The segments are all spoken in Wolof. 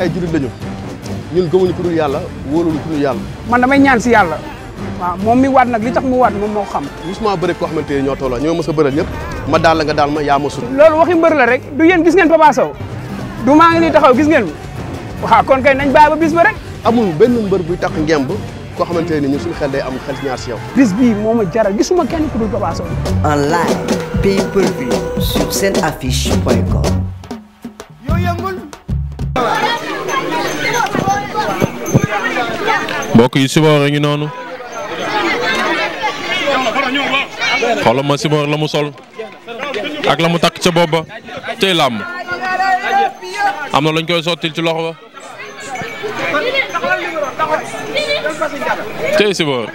ay jullit lañu ñun gëmuñu ku dul yàlla wóoluñu ku yàlla. man damay ñaan si yàlla. waaw moom mi waat nag li tax mu waat moom moo xam. gisuma bëri koo xamante ne ñoo tolloo ñoo mës a bëral ñëpp ma daal la nga daal ma yaa ma sut. loolu waxi rek du yéen gis ngeen Papa Sow du maa taxaw gis ngeen waaw kon kay nañ bàyyi ba bis ba amul benn mbër buy tax ngemb koo xamante ne ñun suñu xel day am xel ñaar si yow. bis bii moo ma jaral gisuma kenn ku dul Papa seen affiche point mbokk yi Sibor a ngi noonu xoolal ma Sibor la mu sol ak la mu takk ca bopp ba tey làmb am na lañ koy sottil ci loxo ba tey Sibor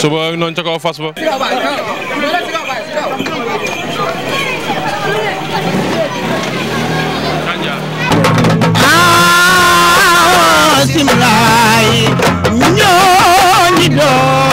Sibor a ca kaw fas ba. Xaasim Laay ñoo ñi doon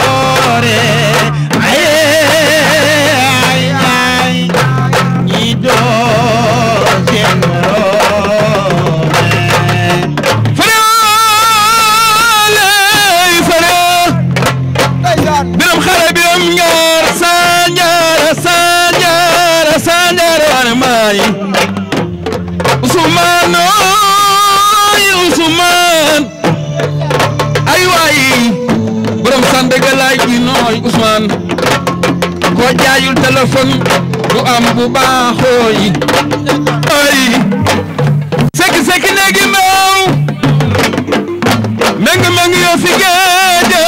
laayul téléphone du am bu baaxooy ay sekki sekki néegi meew mengu mengu yoo fi géeje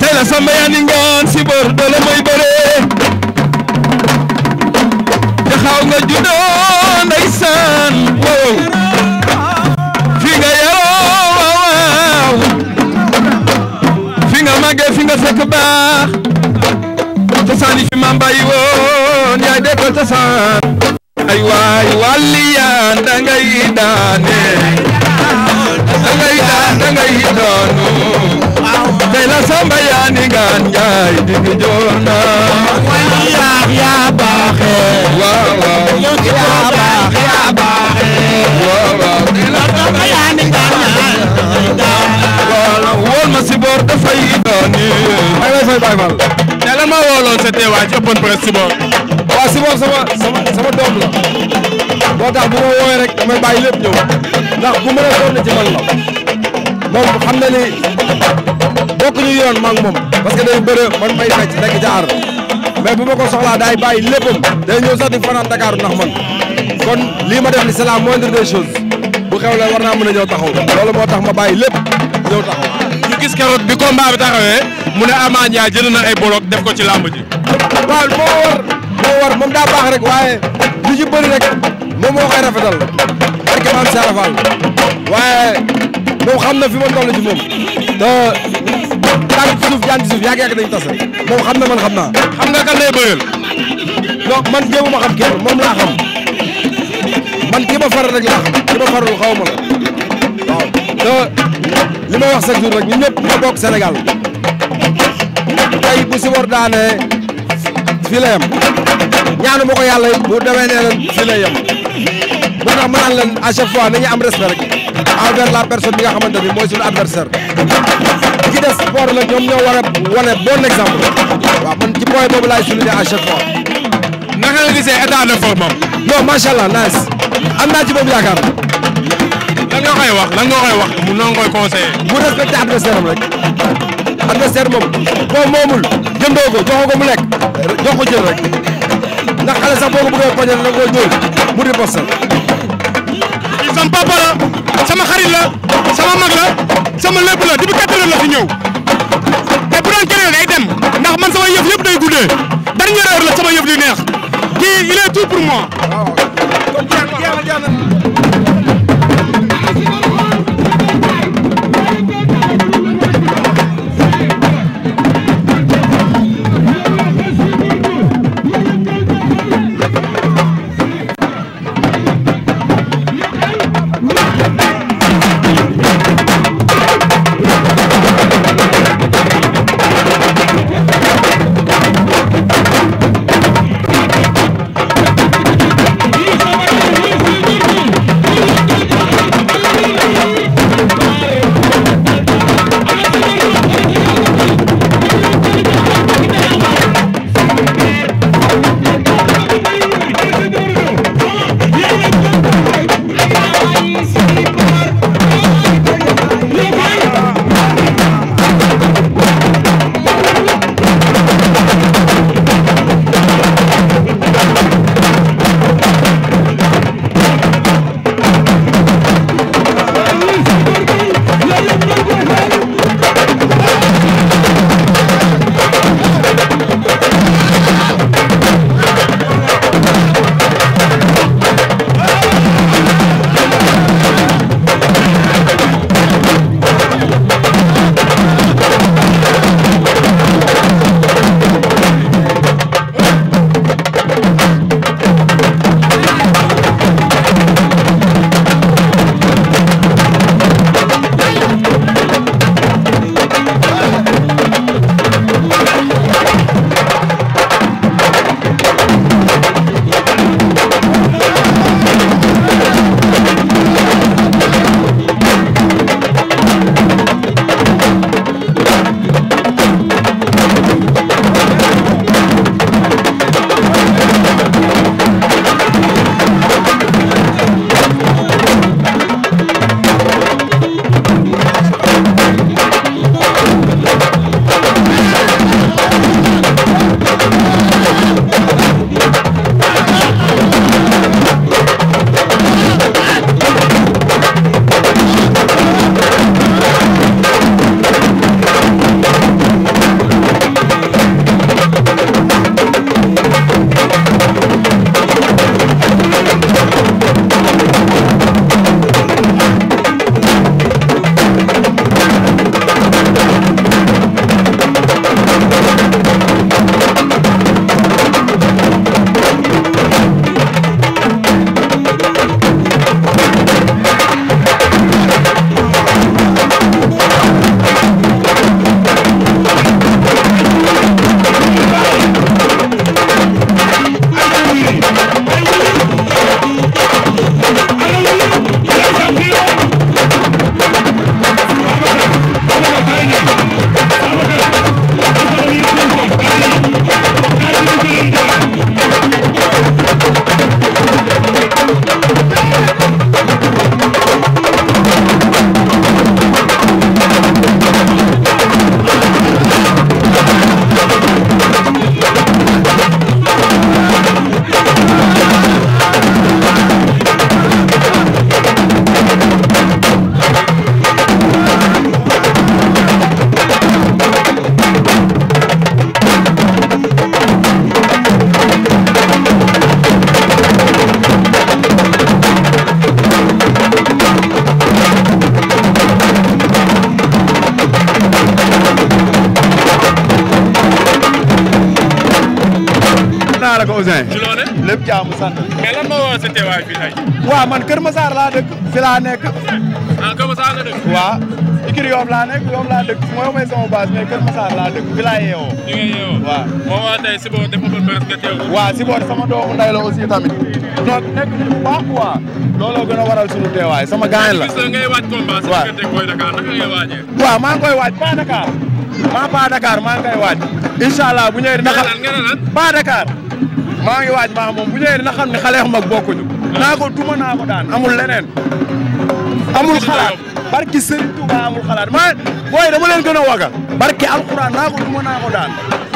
teel a samba yaa ni ngoon si bor doole mooy bëree jaxaw nga juddoo ndeysaan wow fi nga yaroo waaw fi nga màggee fi nga fekk baax ni fi maam bàyyi woon yaay déggoo cosaan ay waay wàlli yaan da ngay daane da ngay daan da ngay doonu tey la samba yaa ni ngaan njaay digg joor na wàlli yaan yaa baaxe waaw waaw yaa baaxe yaa baaxe waaw waaw tey la samba yaa ni ngaan njaay digg joor na wol ma si boor dafay dooni ay way fay bay bal sa teewaay ci open press Sibor. waaw Sibor sama sama sama doom la moo tax bu ma woowee rek damay bàyyi lépp ñëw ndax bu mën a na ci man la moom xam na ni bokk ñu yoon ma ak moom parce que day bëre man may fecc nekk ca aar mais bu ma ko soxlaa daay bàyyi léppam day ñëw sax di fanaan Dakar ndax man kon lii ma ni c'est la moindre bu xew la war naa mën a ñëw taxaw moo tax ma bàyyi lépp ñëw taxaw. ñu gis keroog bi combat bi taxawee mu ne Ama Ndiaye jënd na ay bolok def ko ci làmb ji. waaw moo war moo war moom daa baax rek waaye li ci bëri rek moom moo koy rafetal barke maam Sara Fall waaye moom xam na fi ma toll ci moom te jaan suuf jaan ci suuf yàgg yàgg dañu tase moom xam na man xam naa. xam nga kan lay bëreel. non man jéem ma xam kenn moom laa xam man ki ma faral rek laa xam ki ma faralul xaw ma te li ma wax chaque jour rek ñun ñëpp ñoo bokk Sénégal tey bu Sibor daanee fii la yem ñaanu ma ko yàlla bu demee nee leen fii la yem moo tax ma à chaque fois nañu am respect rek la personne bi nga xamante ni mooy suñu adversaire bi ci des sport la ñoom ñoo war a wane bon exemple waaw man ci point boobu laay souligner à chaque fois. naka nga gisee état de forme am. non macha nice am naa ci boobu yaakaar. koy wax lan nga koy wax mu noo koy conseillé. mu respecté adversaire am rek adversaire moom boo moomul jëndoo ko joxoo ko mu lekk jox ko jël rek ndax xale sax boo ko bëggee poñal da nga koy ñëw mu di postal. sama papa la sama xarit la sama mag la sama lépp la depuis quatre heures la fi ñëw ndax man sama yëf yëpp day guddee dernière heure la sama yëf di neex kii il est tout moi. naa ko Ouzin. ci loonee lépp man Kër Masar laa dëkk fi laa nekk. ah Ikir Yoom laa nekk Yoom laa dëkk mooy mooy sama base mais Kër Masar laa dëkk fi yeewoo. fi si boobu sama doomu nday la aussi tamit. donc nekk nit bu baax gën a waral sunu teewaay sama gaañ la. gis ngay waaj maa ngi waaj Pa Dakar. maa Pa Dakar maa ngi waaj. incha allah bu ñëwee dina xam maa ngi waaj maa moom bu ñëwee dina xam ne xaleex mag bokkuñu naa ko duma naa ko daan amul leneen amul xalaat barki Serigne Touba amul xalaat maa booy dama leen gën a waga barki alxuraan naa ko duma naa ko daan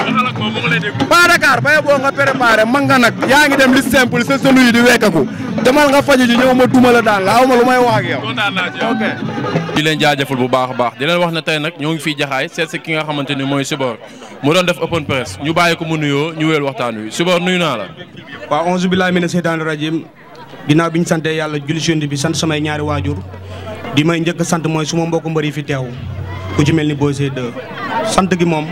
Paa Dakar bay boo nga préparé mag nga nag yaa ngi dem li simple sa solu yi di wekkaku demal nga faju ji ñëw ma duma la daan la ma lu may wax ak yow. ok. di leen jaajëfal bu baax a baax di leen wax ne tey nag ñoo ngi fii jaxaay seet si ki nga xamante ni mooy Sibor mu doon def open press ñu bàyyi ko mu nuyoo ñu wéel waxtaan wi Sibor nuyu naa la. waaw onze billahi mina seytaani rajim ginnaaw bi ñu santee yàlla julli si bi sant samay ñaari waajur di may njëkk sant mooy suma mbokk mbër yi fi teew ku ci mel ni Boy Seye 2 sant gi moom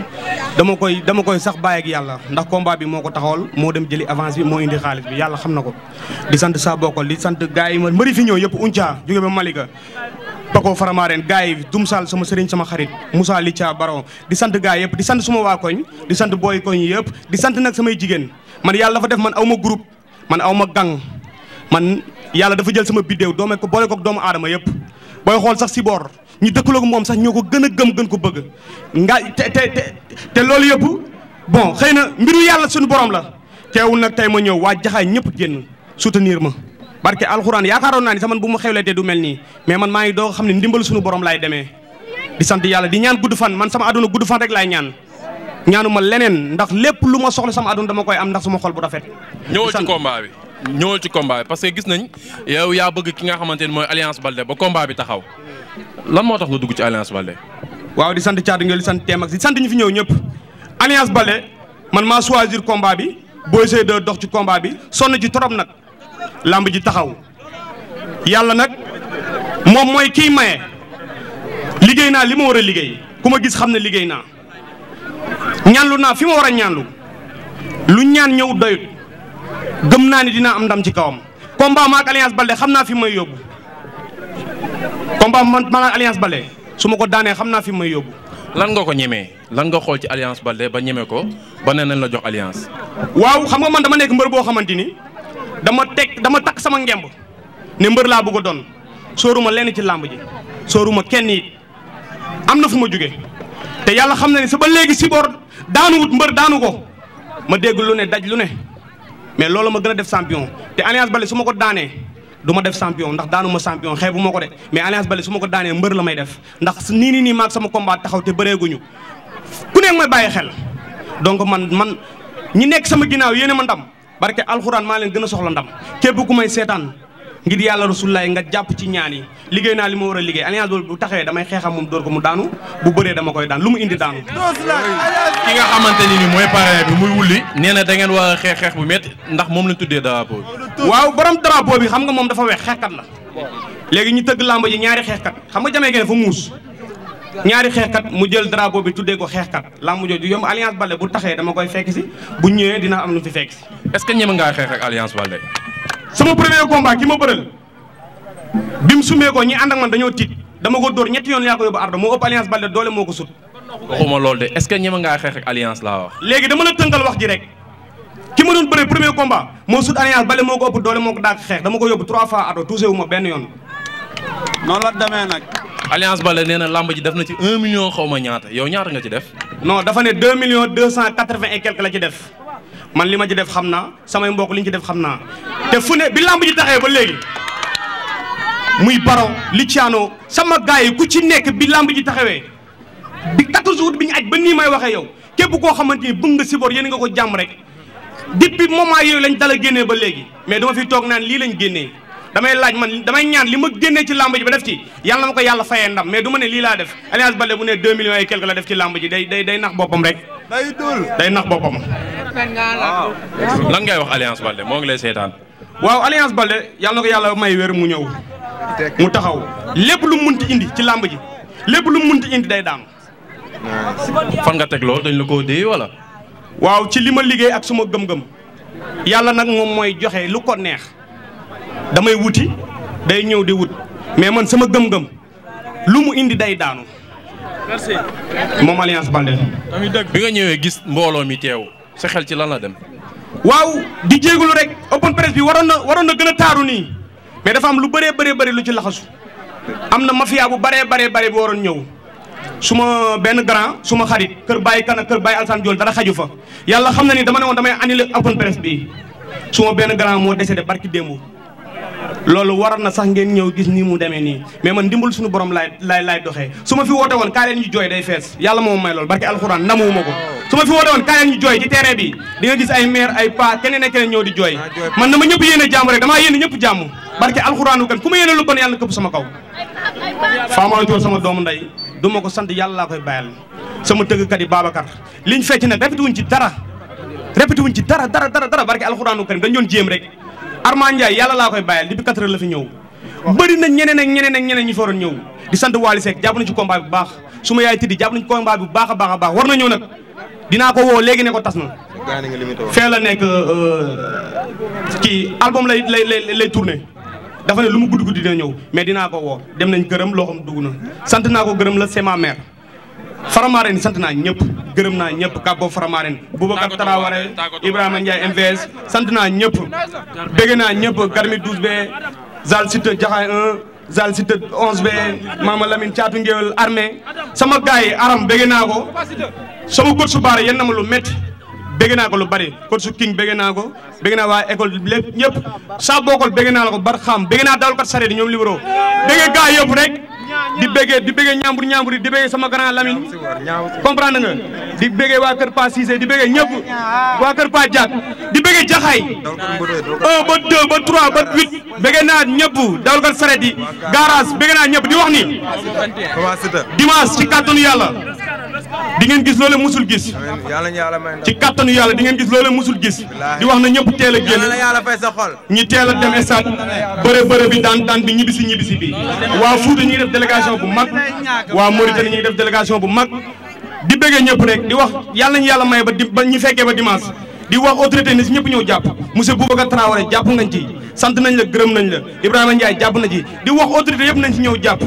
dama koy dama koy sax bàyyi ak yàlla ndax combat bi moo ko taxawal moo dem jëli avance bi moo indi xaalis bi yàlla xam na ko. di sant saa bokkal li sant gars yi ma mbëri fi ñëw yëpp Unca jóge ba Malika Pako Faramaren gars yi Dum Sall sama sëriñ sama xarit Moussa Licha baro di sant gars yëpp di sant suma waa koñ di sant booy koñ yëpp di sant nag samay jigéen man yàlla dafa def man aw ma groupe man aw ma gang man yàlla dafa jël sama biddéew doome ko boole doomu aadama yëpp booy sax si ñu ko moom sax ñoo ko gën a gëm gën ko bëgg nga te te te loolu yëpp bon xëy na mbiru yàlla suñu borom la teewul nag tey ma ñëw waa jaxaay ñëpp génn soutenir ma barke alxuraan yaakaaroon naa ni sax man bu ma xewletee du mel nii mais man maa ngi doo xam ne ndimbal suñu borom laay demee di sant yàlla di ñaan gudd fan man sama aduna gudd fan rek laay ñaan ñaanuma leneen ndax lépp lu ma soxla sama aduna dama koy am ndax suma xol bu rafet ñëwal ci combat bi ñëwal ci combat bi parce que gis nañ yow yaa bëgg ki nga xamante ni mooy alliance Balde ba combat bi taxaw lan moo tax nga dugg ci alliance Balde. waaw di sant Thiatou Nguéweul di sant Téem ak di sant ñu fi ñëw ñëpp alliance Balde man maa soisir combat bi Boy Seye dox ci kombaa bi sonn ci trop nag lamb ji taxaw yàlla nag moom mooy kiy maye liggéey naa li ma war a liggéey ku ma gis xam ne liggéey naa ñaanlu naa fi ma war a ñaanlu lu ñaan ñëw doyut. gëm naa ni dina am ndam ci kawam combat ma ak alliance Baldé xam naa fi may yóbbu combat man ma ak alliance Baldé su ma ko daanee xam naa fi may yóbbu. lan nga ko ñemee lan nga xool ci alliance Baldé ba ñeme ko ba nee nañ la jox alliance. waaw xam nga man dama nekk mbër boo xamante ni dama teg dama takk sama ngemb ne mbër laa bëgg a doon sóoruma lenn ci làmb ji sóoruma kenn it am na fu ma jóge te yàlla xam na ne sa ba léegi si bor mbër daanu ko ma dégg ne daj lu mais loolu ma gën a def champion te Alliance Baldé su ma ko daanee du ma def champion ndax daanu ma champion xeebu ma ko de mais Alliance Baldé su ma ko daanee mbër la may def ndax nii nii nii maag sama combat taxaw te bëreeguñu ku nekk may bàyyi xel donc man man ñi nekk sama ginnaaw yéene ma ndam barke alxuraan maa leen gën a soxla ndam képp ku may seetaan. ngir yàlla rasulullaay nga jàpp ci ñaan yi liggéey naa li ma war a liggéey alliance boobu bu taxawee damay xeexam moom dóor ko mu daanu bu bëree dama koy daan mu indi daanu xamante ni ni mooy parrain bi muy nee na da ngeen war a xeex bu métti ndax moom lañ tuddee drapeau waaw borom drapeau bi xam nga moom dafa weex xeexkat la léegi ñu tëgg làmb ji ñaari xeexkat xam nga jamee gene fa muus ñaari xeexkat mu jël drapeau bi tuddee ko xeexkat làmb jooju du yomb alliance Baldé taxee dama koy fekk si bu ñëwee dina am lu fi fekk si est que ñeme ngaa xeex ak alliance Baldé sama premier combat ki ma bëral bi mu sumee ko ñi ànd ak man dañoo tiit dama ko dóor ñetti yoon yaa ko yóbbu ardo moo ëpp alliance Baldé doole moo ko sut. waxuma loolu de est-ce que ñeme ngaa xeex ak alliance laa wax. léegi dama la tënkal wax ji rek ki ma doon bëree premier combat moo sut alliance Baldé moo ko ëpp doole moo ko daan xeex dama ko yóbbu trois fois ardo touché wu ma benn yoon. noonu la demee nag. alliance Baldé nee na lamb ji def na ci un million xaw ma ñaata yow ñaata nga ci def. non dafa ne deux millions deux cent quatre-vingt et quelque la ci def. man li ma ci def xam naa samay mbokk li ñu ci def xam naa te fu ne bi làmb ji taxee ba léegi muy baro Luciano sama gars yi ku ci nekk bi làmb ji taxawee bi 14 août bi ñu aj ba nii may waxee yow képp koo xamante ni bëgg nga Sibor yéen nga ko jàmm rek depuis moment yooyu lañ dala génnee ba léegi mais dama fi toog naan lii lañ génnee. damay laaj man damay ñaan li ma génnee ci làmb ji ba def ci yàlla na ma ko yàlla faye ndam mais du ma ne lii laa def Alliance Baldé bu ne 2 millions et quelque la def ci làmb ji day day nax boppam rek. day dul day nax boppam. lan ngay wax Alliance Baldé moo ngi lay seetaan. waaw Alliance Baldé yàlla na ko yàlla may wér mu ñëw. mu taxaw lépp lu munti indi ci làmb ji lépp lu munti indi day daanu. fan nga teg loolu dañ la koo dee wala. waaw ci li ma liggéey ak suma gëm-gëm yàlla nag moom mooy joxe lu ko neex. damay wuti day ñëw di wut mais man sama gëm-gëm lu mu indi day daanu. merci. moom Alliance Baldé. bi nga ñëwee gis mbooloo mi teew sa xel ci lan la dem. waaw di jéegulu rek open press bi waroon na waroon na gën a taaru nii mais dafa am lu bëree bare bëri lu ci laxasu am na ma mafia bu bare bare bëri bu waroon ñëw su ma benn grand suma xarit kër Baye Kana kër Baye Alsane Diol dara xaju fa yàlla xam na ni dama ne woon damay annulé open press bi suma benn grand moo décédé barki démb. loolu waroon na sax ngeen ñëw gis nii mu demee nii mais man ndimbal suñu borom laay laay laay doxee su ma fi woote woon kaa leen ñu jooy day fees yàlla moom may loolu barke alxuraan namuwuma ko su ma fi woote woon kaa leen ñu jooy ci terrain bi di gis ay maire ay pa keneen ak keneen ñëw di jooy man dama ma yéene lu bon yàlla këpp sama kaw faamaancoor nday du ma ko sant yàlla laa koy bàyyal sama tëggkat yi Babacar liñ fecc nag répété wuñ ci dara répété wuñ ci dara dara dara dara barke alxuraanu karim dañ doon jéem rek Armand Ndiaye yàlla laa koy bàyyal depuis 4 heures la fi ñëw bëri na ñeneen ak ñeneen ak ñeneen ñi fa waroon ñëw di sant Wally Seck jàpp nañu ci combat bu baax su ma yaay tiddi jàpp nañu ci combat bu baax a baax a baax war na ñëw nag dinaa ko woo léegi ne ko tas na fee la nekk euh, kii album lay lay lay tourné dafa ne lu mu gudd guddi dina ñëw mais dinaa ko woo dem nañ gërëm loo xam dugg na sant naa ko gërëm la c'est ma Faramaren sant naa ñëpp gërëm naa ñëpp kàbboo Faramaren Boubacar Traoré Ibrahima Ndiaye MVS sant naa ñëpp bëgg naa ñëpp Garmi 12B Zal Site Jaxaay 1 Zal Site 11B Mama Lamine Caatu Ngéwél armée sama gars aram bëgg naa ko sama góor su baare yenn ma lu métti bëgg naa ko lu bari coach King bëgg naa ko bëgg naa waa école bi lépp ñëpp saa bokkal bëgg naa la ko bar xam bëgg naa dawalkat sareet ñoom libéraux bëgg gaa yëpp rek di béggee di béggee ñaambur ñaambur yi di béggee sama grand Lamine comprendre nga di béggee waa kër Pa Cissé di béggee ñëpp waa kër Pa Diak di béggee Jaxaay un ba deux ba trois ba huit béggee naa ñëpp dawal ko saret yi garage béggee naa ñëpp di wax ni dimanche ci kàttanu yàlla di ngeen gis loolee musul gis ci kàttanu yàlla di ngeen gis loolee musul gis di wax na ñëpp teel a génn ñi teel a dem stade bëre bëre bi daan daan bi ñibbisi ñibbisi bi waa Fuuta ñu ngi def délégation bu mag waa Mauritanie ñu ngi def délégation bu mag di bëggee ñëpp rek di wax yàlla ñu yàlla may ba di ba ñu fekkee ba dimanche di wax autorité ni si ñëpp ñëw jàpp monsieur Boubacar Traoré jàpp ngañ ci sant nañ la gërëm nañ la Ibrahima Ndiaye jàpp na ci di wax autorité yëpp nañ si ñëw jàpp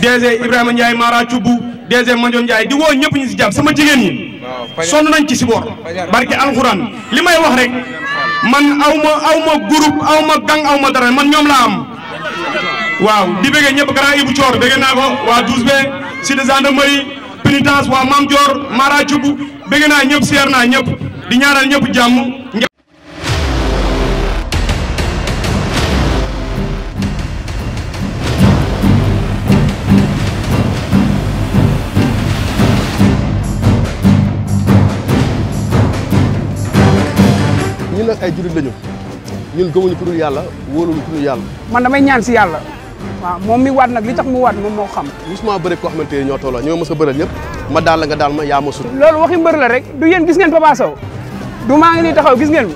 DG Ibrahima Ndiaye Mara Thioubou DG Mandione Ndiaye di woo ñëpp ñu si jàpp sama jigéen ñi sonn nañ ci si boor barke alxuraan li may wax rek man aw ma aw ma groupe aw ma gang aw ma dara man ñoom laa am waaw di bëggee ñëpp grand Ibou Thior bëggee naa ko waa 12B cité gendarmerie pénitence waa Mame Dior Mara Thioubou bëggee naa ñëpp seer naa ñëpp di ñaanal ñëpp jàmm. ñun nag ay jullit lañu ñun gëmuñu ku dul yàlla wóoluñu ku dul yàlla. man damay ñaan si yàlla. waaw moom mi waat nag li tax mu waat moom moo xam. gisuma bëri koo xamante ne ñoo tolloo ñoo mës a bëral ñëpp ma daal la nga daal ma yaa ma sut. loolu waxi mbër la rek du yéen gis ngeen Papa Sow. du maa ngi nii taxaw gis ngeen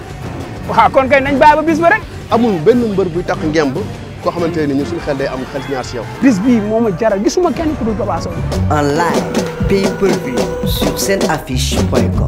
waaw kon kay nañ bàyyi ba bis ba rek. amul benn mbër buy tax ngemb koo xamante ni ñun suñu xel day am xel ñaar si bis bii moo ma jara gisuma kenn ku dul Papa Sow. en live pay per view sur point com.